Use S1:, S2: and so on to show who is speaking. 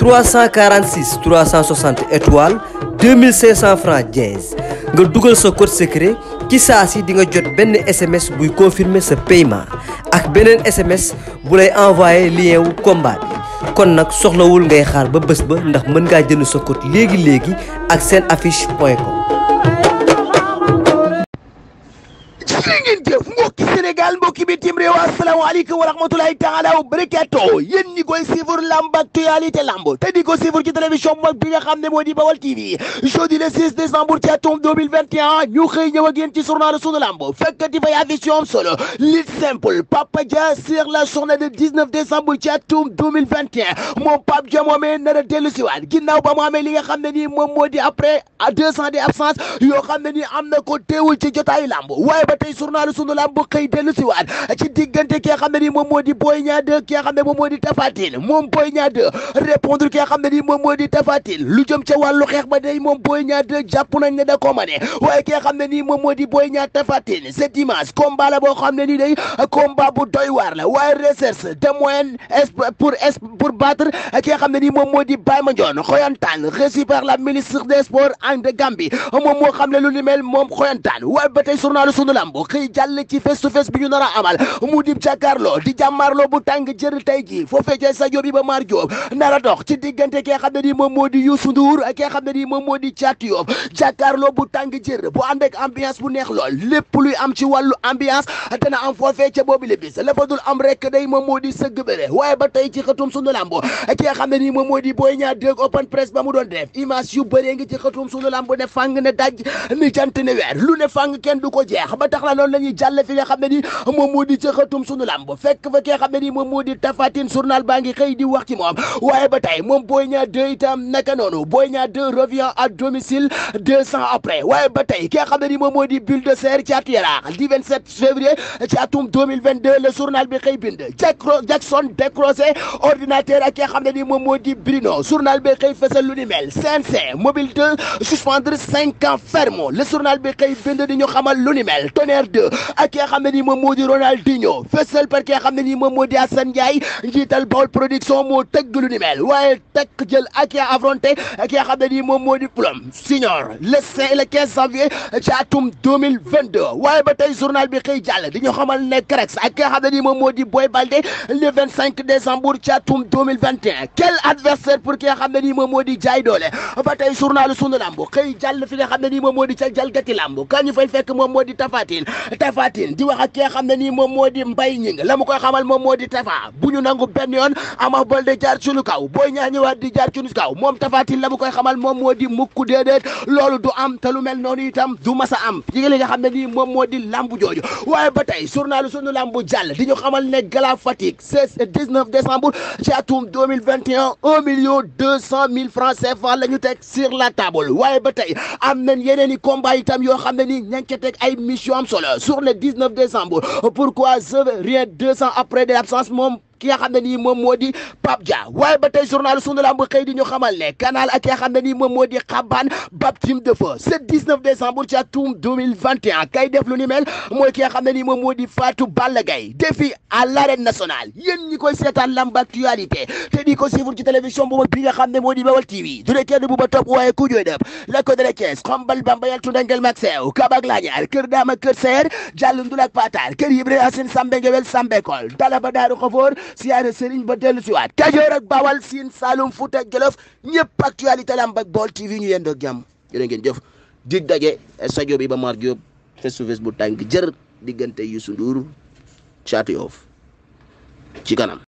S1: 346 360 étoiles 2500 francs dièse nga dugal sa code secret ci saa si di nga jot benn SMS buy confirmer sa paiement ak beneen SMS bu lay envoyer lien wu kon nag soxlawul ngay xaar ba bés ba ndax mën ngaa jënd sa code léegi léegi ak seen
S2: affiche point Sénégal mbokki bitim réew asalaamaaleykum wa rahmatulahi taala wa barakaatu yéen ñi koy suivre lamb actualité lamb te di ko suivre ci télévision bu bi nga xam ne moo di Bawal TV jeudi le 6 décembre ci atum ñu xëy ñëw ak yéen ci journal sunu lamb fekk di fay affiche solo lit simple Papa Dia sur la journée de 19 ci atum 2021 moom Papa Dia moomee nar a dellu siwaat ginnaaw ba mu amee li nga xam ne nii moom moo di a deux ans d'absence ba dellu si waat ci diggante ki nga xam ne ni moom moo di Boy Niang 2 ki xam ne moom moo di Tapha Tine moom Boy Niang 2 répondre ki nga xam ne ni moom moo di Tapha Tine lu jëm ca wàllu xeex ba day moom Boy Niang 2 jàpp nañ ne da ko mane waaye ki nga xam ne nii moom moo di Boy Niang Tapha Tine c'est dimanche combat la boo xam ne ni day combat bu doy waar la waaye recherche de moyen pour and de moom moo xam ne lu ni moom xoyantaan waaye ba tey journalu sunu bi ñu nar a amal mu dib jàkkaarloo di jàmmaarloo bu tàng jër tey ji foofee ca sa job Iba Mar Diop nar a dox ci diggante ki xam ne ni moom moo di Youssou Ndour ak xam ne ni moom di Thiat Diop jàkkaarloo bu tàng jër bu ànd ak ambiance bu neex lool lépp luy am ci wàllu ambiance dana am foofee ca boobu le bis la am rek day moom di sëgg bëre waaye ba tey ci xëtum sunu lambo ki xam ne ni moom moo di Boy Niang dégg open press ba mu doon yi moom moo di ca xëtum sunu làmb fekk fa kee xam ne ni moom moo di tafatin journal baa ngi xëy di wax ci moom waaye ba tey moom Boy Niang 2 itam naka noonu Boy Niang 2 revient à domicile deux ans après waaye ba tey kee xam ne ni moom moo di Bulldozer ci atu Yaraax di 27 février ci atum 2022 le journal bi xëy bind Jackson décroché ordinateur ak xam ne ni moom moo di Bruno journal bi xëy fësal lu ni mel CNG mobile 2 suspendre cinq nii moom moo di Ronaldinho fësal par ki nga xam ne nii moom moo di Assane Ndiaye njiital Baol production moo tëgg lu ni mel waaye tekk jël ak ya affronté ki xam ne nii moom moo di Plom le 5 et le 15 janvier ci atum waaye ba tey journal bi xëy jàll di ñu xamal ne Krex ak ki nga xam ne nii moom moo Boy Baldé le 25 décembre ci atum 2021 quel adversaire pour xam ne nii moom moo jaay doole ba tey journal sunu lamb xëy jàll fi nga xam ne nii moom moo ca jalgati lamb kañu fay ak xam ne nii moom moo di mbay ñing la mu koy xamal moom moo di tafa bu ñu nangu benn yoon Ama Baldé jaar suñu kaw Boy Niang ñëwaat di jaar suñu kaw moom Tapha Tine la mu koy xamal moom moo di mukku déedéet loolu du am te lu mel noonu itam du masa am yi li nga xam ne nii moom moo di lambu jooju waaye ba tey journalu sunu lambu jàll di ñu xamal ne gala Fatick 16 19 décembre ci atum 2021 mille francs CFA la ñu teg sur la table waaye ba i combat itam yoo xam ne nii ña ngi Samb pourquoi je rien deux ans après de l'absence moom ki nga xam ne nii moom moo di Pape Dia waaye ba tey journal sunu lamb xëy di ñu xamal ne Canal ak ki nga xam ne nii moom moo di Xaban baptême de feu ce 19 décembre ci atum 2021 kay def lu ni ki nga xam ne nii moo di Fatou Balla Gaye défi à l'arène nationale yéen ñi koy seetaan lamb actualité te di ko suivre ci télévision bu mag bi nga xam ne moo di Baol TV du nekkee bu ba topp waaye ku jooy dëpp la ko dale Thiès xombal bambayal tundangel mag seew kabak laañaar kër ba siyaare Serigne ba dellu si waat Kajoor ak Bawal Siin Saalum Fuuta Jolof ñëpp actualité la am ba Baol TV ñu yendoo ak jàmm jërë ngeen jëf dig daje sadio bi ba Mar Diop fesu fes bu tàng jër diggante Youssou Ndour caatu Yoff ci kanam